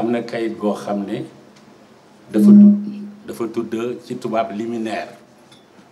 am na kayit goo xam ne dafa tudd dafa tudd ci tubaab limineer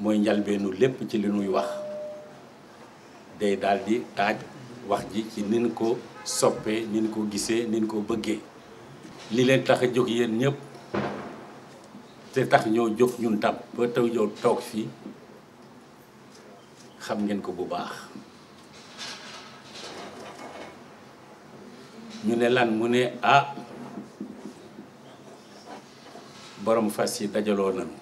mooy njalbeenu lépp ci li muy wax day daldi di taaj wax ji ci nin ko soppee nin ko gisee nin ko bëggee li leen tax a jóg yéen ñëpp te tax ñoo jóg ñu tam ba taw yow toog fii xam ngeen ko bu baax ñu ne lan mu ne ah borom fas yi dajaloo nañu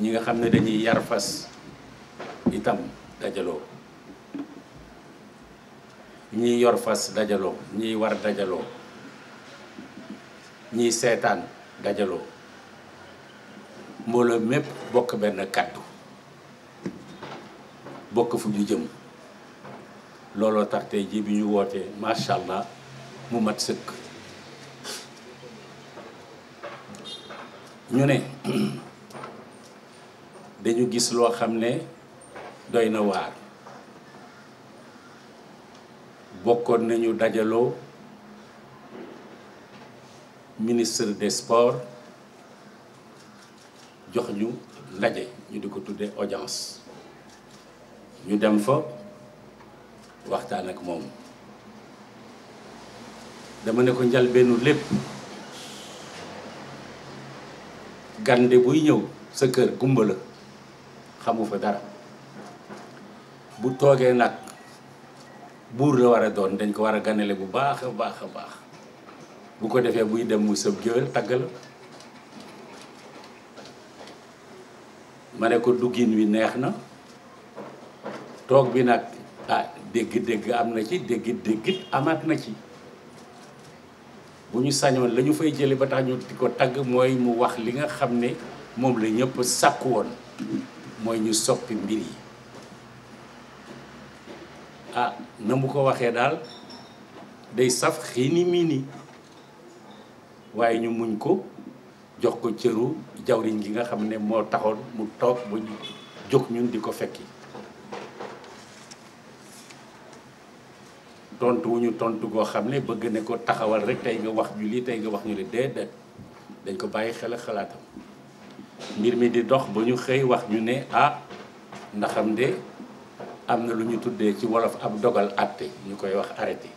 ñi nga xam ne dañuy yar fas itam dajaloo ñiy yor fas dajaloo ñiy war dajaloo ñiy seetaan dajaloo mbooloo mépp bokk benn kàddu bokk fu ñu jëm looloo tax tey jii bi ñu wootee macha allah mu mat sëkk ñu ne dañu gis loo xam ne doy na waar bokkoon nañu dajaloo ministre des sports jox ñu ndaje ñu di ko tuddee audience ñu dem fa waxtaan ak moom dama ne ko njëlbeenu lépp gande buy ñëw sa kër gumba la xamu fa dara bu toogee nag buur la war a doon dañ ko war a ganale bu baax a baax a baax bu ko defee buy dem mu sëb géwél taggal ma ne ko duggin wi neex na toog bi nag ah dégg-dégg am na ci dégg-déggit amaat na ci bu ñu sañoon lañu fay jëlee ba tax ñu di ko tagg mooy mu wax li nga xam ne moom la ñëpp sàkku woon mooy ñu soppi mbir yi ah na mu ko waxee daal day saf xiini miini waaye ñu muñ ko jox ko cëru jawriñ gi nga xam ne moo taxoon mu toog ba jóg ñun di ko fekki tontu wu ñu tontu goo xam ne bëgg ne ko taxawal rek tey nga wax ñu lii tey nga wax ñu li déedéet dañ ko bàyyi xel ak xalaatam mbir mi di dox ba ñu xëy wax ñu ne ah ndaxam de am na lu ñu tuddee ci wolof ab dogal àtte ñu koy wax arrêté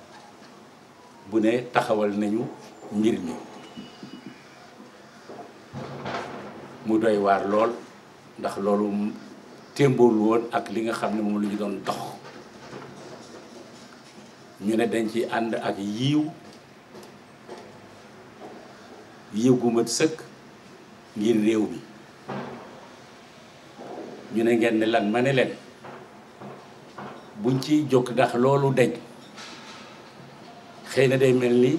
bu ne taxawal nañu mbir mi mu doy waar lool ndax loolu témbool woon ak li nga xam ne moom lu ñu doon dox ñu ne dañ ci ànd ak yiiw yiw gu mat sëkk ngir réew mi ñu ne ngeen lan ma ne leen buñ ciy jóg ndax loolu dañ xëy na day mel ni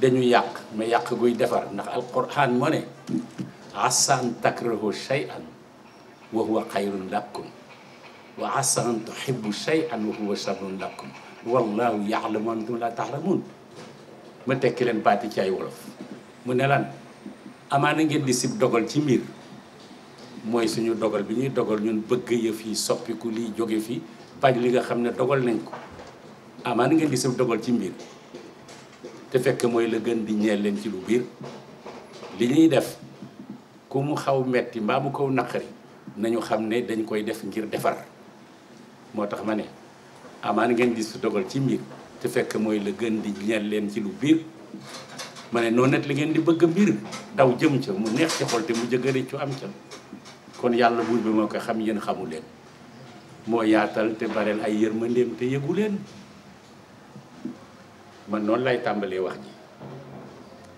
dañu yàq ma yàq guy defar ndax alquran moo ne asan takrahu shay'an wa huwa xayrun lakum wa asa an tuhibbu shay'an wa huwa sharrun lakum wallahu ya'lamu antum la ta'lamun ma tekki leen baati ci ay wolof mu ne lan amaana ngeen di sib dogal ci mbir mooy suñu dogal bi ñuy dogal ñun bëgg yëf yi soppiku liy jóge fi bañ li nga xam ne dogal nañ ko amaana ngeen di sib dogal ci mbir te fekk mooy la gën di ñeel leen ci lu biir li ñuy def ku mu xaw metti mbaa mu kaw naqari nañu xam ne dañ koy def ngir defar moo tax ma ne amaan ngeen di su dogal ci mbir te fekk mooy la gën di ñeel leen ci lu biir ma ne noonu net li ngeen di bëgg mbir daw jëm ca mu neex ci xool te mu jëgëri cu am ca kon yàlla buur bi moo ko xam yéen xamu leen moo yaatal te bareel ay yërmandeem te yëgu leen man noonu lay tàmbalee wax ji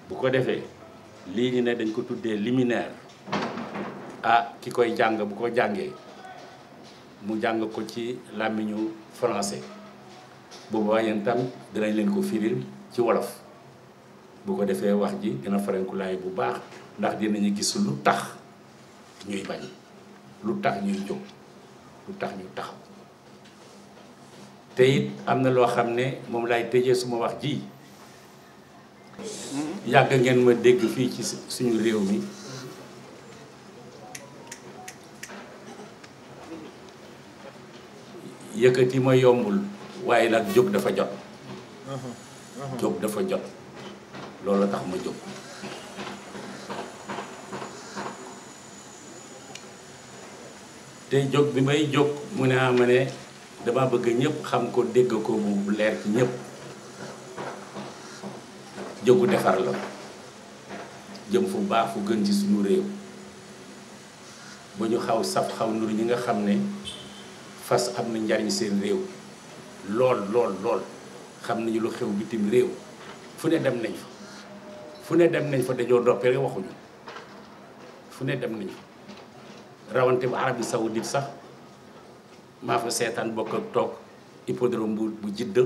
bu ko defee lii ñu ne dañ ko tuddee limineer ah ki koy jàng bu ko jàngee mu jàng ko ci làmmiñu france boobaa yéen danañ leen ko firil ci wolof bu ko defee wax ji dina farankulaay bu baax ndax dinañu gis lu tax ñuy bañ lu tax ñuy jóg lu tax ñu tax te am na loo xam ne moom lay tëjee suma wax ji hmm? yàgg ngeen ma dégg fii ci suñu réew mi yëkkati ma yombul waaye nag jóg dafa jot jóg dafa jot loolu tax ma jóg te jóg bi may jóg mu ne ama ne dama bëgg ñëpp xam ko dégg ko bu leer ñépp jógu defar la jëm fu baax fu gën ci suñu réew ba ñu xaw saf xaw nuru ñi nga xam ne fas am na njariñ seen réew lool lool lool xam nañu lu xew bitim réew fu ne dem nañ fa fu ne dem nañ fa dañoo doppe rek fu ne dem nañ fa rawante bu Arabie Saoudite sax maa fa seetaan bokk ak toog hippodrome bu bu Jidda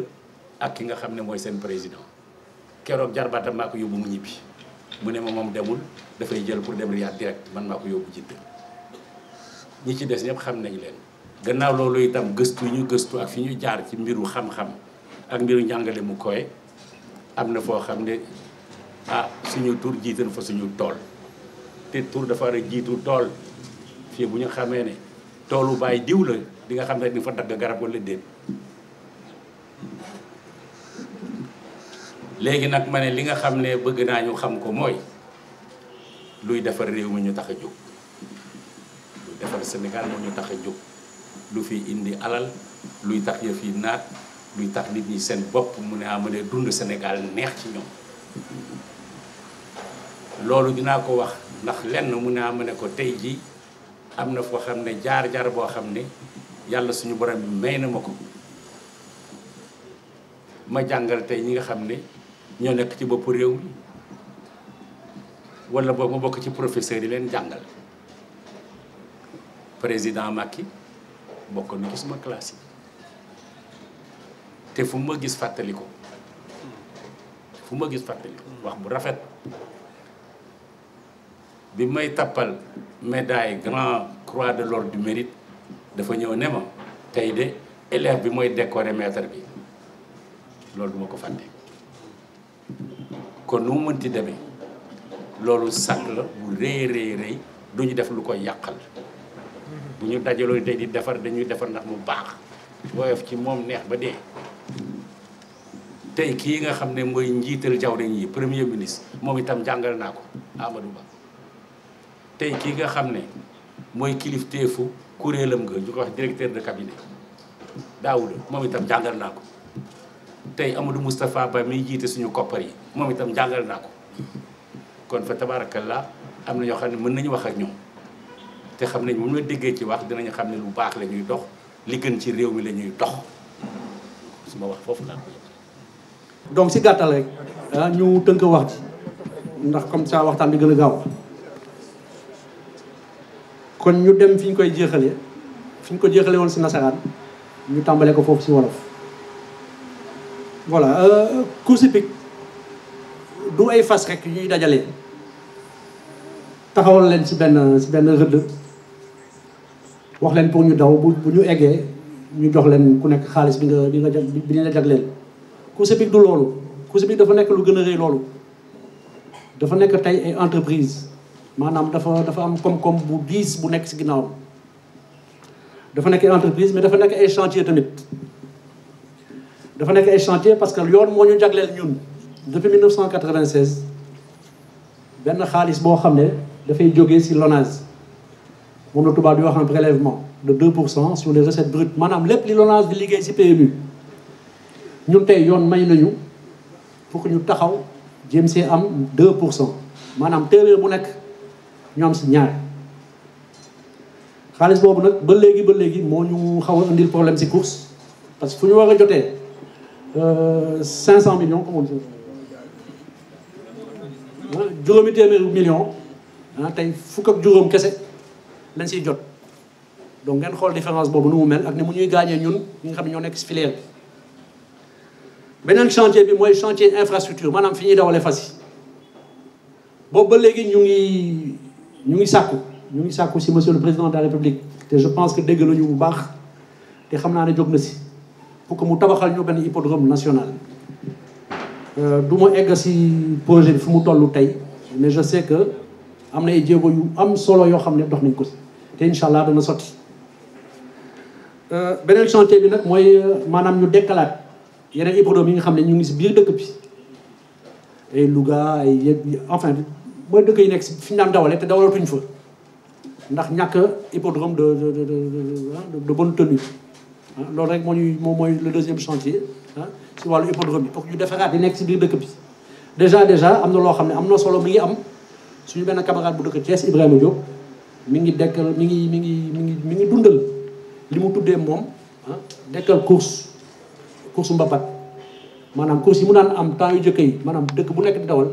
ak ki nga xam ne mooy seen président keroog jarbaatam maa ko yóbbu mu ñibbi mu ne ma moom demul dafay jël pour dem Riyad direct man maa ko yóbbu Jidda ñi ci des ñëpp xam nañ leen gannaaw loolu itam gëstu ñu gëstu ak fi ñu jaar ci mbiru xam-xam ak mbiru njàngale mu koy am na foo xam ne ah suñu tur jiitan fa suñu tool te tur dafa war a jiitu tool fii bu ñu xamee ne toolu bàyyi diw la di nga xam ne di fa dagg garab wala déet léegi nag ma ne li nga xam ne bëgg naa ñu xam ko mooy luy defar réew mi ñu tax a jóg luy defar Sénégal moo ñu tax a jóg lu fi indi alal luy tax yëf yi naat luy tax nit ñi seen bopp mu ne amale ah, dund Sénégal neex ci ñoom loolu dinaa ko wax ndax lenn mu ne amale ah, ko tey jii am na foo xam ne jaar-jaar boo xam ne yàlla suñu borom bi may na ma ko ma jàngal tey ñi nga xam ne ñoo nekk ci boppu réew mi walla boobu ma bokk ci professeur yi leen jàngal président Macky bokkoon na ci suma classe te fu ma gis fàttali ko fu ma gis fàttali ko wax bu rafet bi may tappal médaille grand croix de l'ordre du mérite dafa ñëw ne ma tey de élève bi mooy décorer maître bi loolu duma ko fàtte kon nu mu mënti demee loolu sàkk la bu rëy rëy rëy duñu def lu koy yàqal bu ñu dajaloo tey di defar dañuy defar ndax mu baax woyof ci moom neex ba dee tey kii nga xam ne mooy njiital jawriñ yi premier ministre moom itam jàngal naa ko Amadou Ba tey kii nga xam ne mooy kilifteefu kuréelam nga ñu ko wax directeur de cabinet Daouda moom jàngal naa ko tey Amadou Moustapha Ba miy jiite suñu koppar yi moom itam jàngal naa ko kon fa tabarakallah am na ñoo xam ne mën nañu wax ak ñoom te xam nañ mun la déggee ci wax dinañ xam ne lu baax la ñuy dox li gën ci réew mi la ñuy dox su ma wax foofu laa ko donc si gàttal rek ah, ñu tënk wax ji ndax comme ça waxtaan bi gën a gaaw kon ñu dem fi ñu koy jeexale fi ñu ko jeexale woon si nasaraan ñu tàmbale ko foofu si wolof voilà euh, course hippique du ay fas rek ñuy dajale taxawal leen si benn si benn rëdd wax leen pour ñu daw bu bu ñu eggee ñu jox leen ku nekk xaalis bi nga bi nga bi ñu la jagleel course hippique du loolu course hippique dafa nekk lu gën a rëy loolu dafa nekk tey ay entreprise maanaam dafa dafa am koom-koom bu diis bu nekk si ginnaaw dafa nekk ay entreprise mais dafa nekk ay chantier tamit dafa nekk ay chantier parce que yoon moo ñu jagleel ñun depuis 1996 benn xaalis boo xam ne dafay jóge si LONASE moom la tubaab yoo wax un prélèvement de 2 pour cent sur les recettes brutes maanaam lépp li LONASE di liggéey ci PMU ñun tey yoon may nañu pour ñu taxaw jéem see am 2 pour cent maanaam téeméer bu nekk ñu am si ñaar xaalis boobu nag ba léegi ba léegi moo ñu xaw a indil problème si course parce que fu ñu war a jotee 500 euh, millions million on juróomi téeméeru millions ah tey fukk ak juróom kese. lañ siy jot donc ngeen xool différence boobu nu mu mel ak ni mu ñuy gaañee ñun ñi xam ne ñoo nekk si bi beneen chantier bi mooy chantier infrastructure maanaam fi ñuy dawale fas yi boobu ba léegi ñu ngi ñu ngi sàkku ñu ngi sàkku si monsieur le président de la république te je pense que dégg nañu bu baax te xam naa ne jóg na si pour que mu tabaxal ñu benn hippodrome national euh, du ma egg si projet bi fu mu toll tey mais je sais que am na ay jéego yu am solo yoo xam ne dox nañ ko si te incha allah dana sotti euh, beneen chantier bi nag mooy euh, maanaam ñu dekkalaat yeneen hippodrome yi nga xam ne ñu ngi si biir dëkk bi ay Louga ay enfin mooy dëkk yi nekk si fi ñu daan dawale te dawalatuñ fa ndax ñàkk hippodrome de de de de bonne ah, loolu rek moo ñuy mooy le deuxième chantier ah si wàllu hippodrome yi foog ñu defaraat yi nekk si biir dëkk bi déjà déjà am na loo xam ne am na solo mi ngi am suñu benn camarade bu dëkk Thiès Ibrahima Diop mi ngi dekkal mi ngi mi ngi mi ngi mi ngi dundal li mu tuddee moom ah dekkal course course mbapat maanaam course yi mu daan am temps yu jëkk yi maanaam dëkk bu nekk di dawal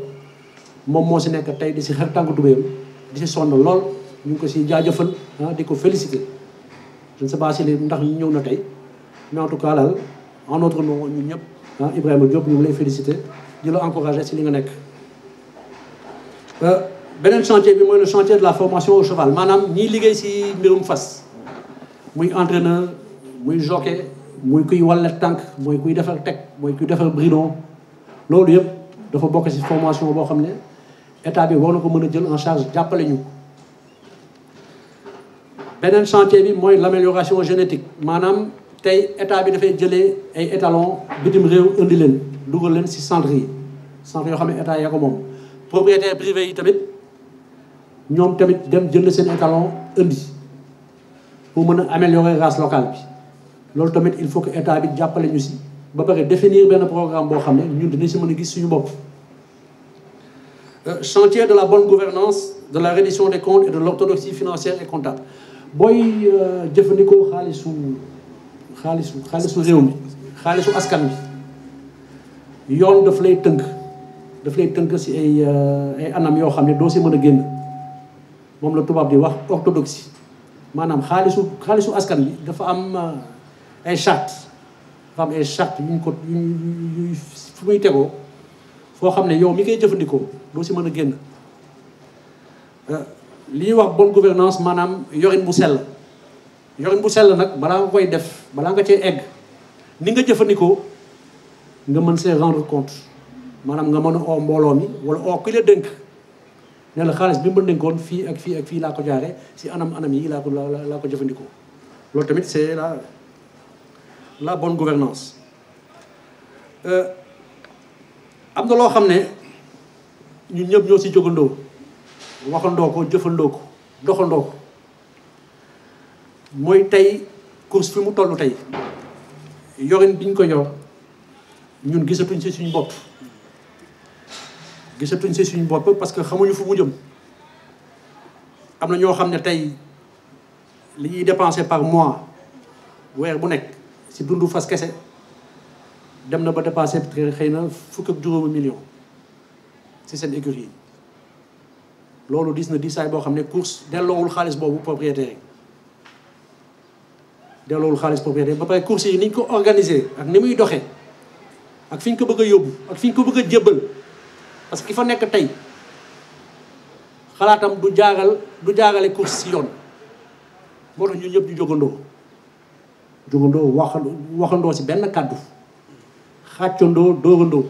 moom moo si nekk tey di si xar tànk tubéyam di si sonn lool ñu ngi ko si jaajëfal ah di ko félicité je ne sais pas si ndax ñu ñëw na tey mais en laal cas daal en notre nom ñun ñëpp ah, Ibrahima Diop ñu ngi lay félicité di la encouragé si li nga nekk euh, beneen chantier bi mooy le chantier de la formation au cheval maanaam ñiy liggéey si mbirum fas muy entraîneur muy jockey muy kuy wallet tànk mooy kuy defar teg mooy kuy defar bridon loolu yëpp dafa bokk si formation boo xam ne état bi war na ko mën a jël en charge jàppale ñu beneen chantier bi mooy l' génétique maanaam tey état bi dafay jëlee ay étalons bitim réew indi leen dugal leen si centre yi centre yoo xam ne état yaa ko moom propriétaire tamit ñoom tamit dem jënd seen étalon indi pour mën a améliorer race locale bi loolu tamit il faut que état bi jàppale ñu si ba pare définir benn programme boo xam ne ñun dinañ si mën a gis suñu bopp. Euh, chantier de la bonne gouvernance de la reddition des comptes et de l'orthodoxie financière et comptable booy euh, jëfandikoo xaalisu xaalisu xaalisu réew mi xaalisu askan bi yoon daf lay tënk daf lay tënk si ay euh, ay anam yoo xam ne doo si mën a génn. moom la tubaab di wax orthodoxie maanaam xaalisu xaalisu askan bi euh, dafa am ay charte dafa am ay charte yuñ ko yuñ fu muy tegoo foo xam ne yow mi koy jëfandikoo doo si mën a génn euh, li ñuy wax bonne gouvernance maanaam yorin bu sell yorin bu sell nag balaa nga koy def balaa nga cee egg ni nga jëfandikoo nga mën see rendre compte maanaam nga mën a oo mbooloo mi wala oo ki la dënk ne xaalis bi mu dénkoon fii ak fii ak fii laa ko jaaree si anam anam yi laa ko laa ko jëfandikoo loolu tamit c'est la la bon gouvernance euh, am na loo xam ne ñu ñëpp ñoo si jógandoo waxandoo ko jëfandoo ko doxandoo ko mooy tey course fi mu toll tey yorin biñ ko yor ñun gisatuñ si suñu bopp gisatuñ si suñu bopp parce que xamuñu fu mu jëm am na ñoo xam ne tey li ñuy dépensé par mois weer bu nekk si dundu fas kese dem na ba dépassé xëy na fukk ak juróomi million si seen écurie yi loolu dis na disaay boo xam ne course delloowul xaalis boobu propriétaire yi delloowul xaalis propriétaire ba pare course yi niñ ko organisé ak ni muy doxee ak fi ñu ko bëgg a yóbbu ak fi ñu ko bëgg a parce que ki fa nekk tey xalaatam du jaagal du jaagale course si yoon moo tax ñun ñëpp ñu jógandoo jógandoo waxandoo si benn kàddu xàccandoo doogandoo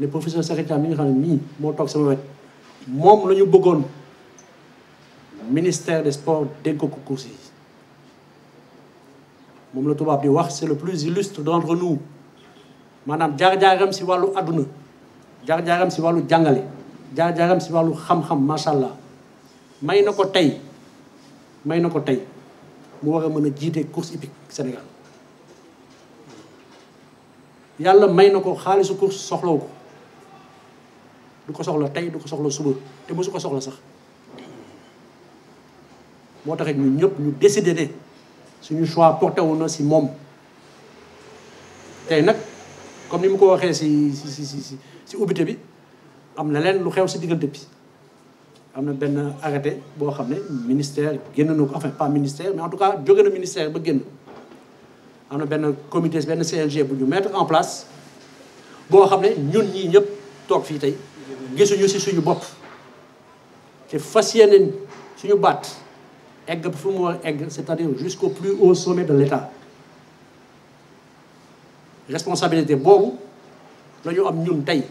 ne professeur Sakhir Thiam nga xam ne nii moo toog sama wet moom lañu bëggoon ministère des sports dénk ko course yi moom la tubaab di wax c'est le plus illustre d'entre nous maanaam jaar-jaaram si wàllu àdduna jaar-jaaram si wàllu jàngale jaar-jaaram si wàllu xam-xam macha allah may na ko tey may na ko tey mu war a mën a jiite course hippique Sénégal yàlla may na ko xaalisu course soxlaw ko du ko soxla tey du ko soxla suba te mosu ko soxla sax moo tax ñu ñëpp ñu décidé ne suñu choix porté wu na si moom tey nag comme ni mu ko waxee si si si si si ubbite bi am na leen lu xew si diggante bi am na benn arrêté boo xam ne ministère génn na ko enfin ministère mais en tout cas jóge ba génn am na benn comité benn CNG bu ñu mettre en place boo xam ne ñun ñii ñëpp toog fii tey gisuñu si suñu bopp te fas yéeneen suñu baat egg fu mu war egg c'est-à-dire jusqu'au plus haut sommet de l'État responsabilité boobu la am ñun tey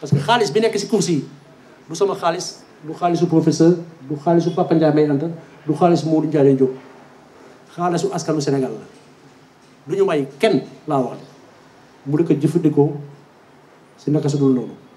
parce que xaalis bi nekk ci course yi du sama xaalis du xaalisu professeur du xaalisu Papa Ndiaye May Anta du xaalisu Modou Ndiaye Diop xaalisu askanu Sénégal la du ñu may kenn laa wax mu di ko jëfandikoo ci naka su dul noonu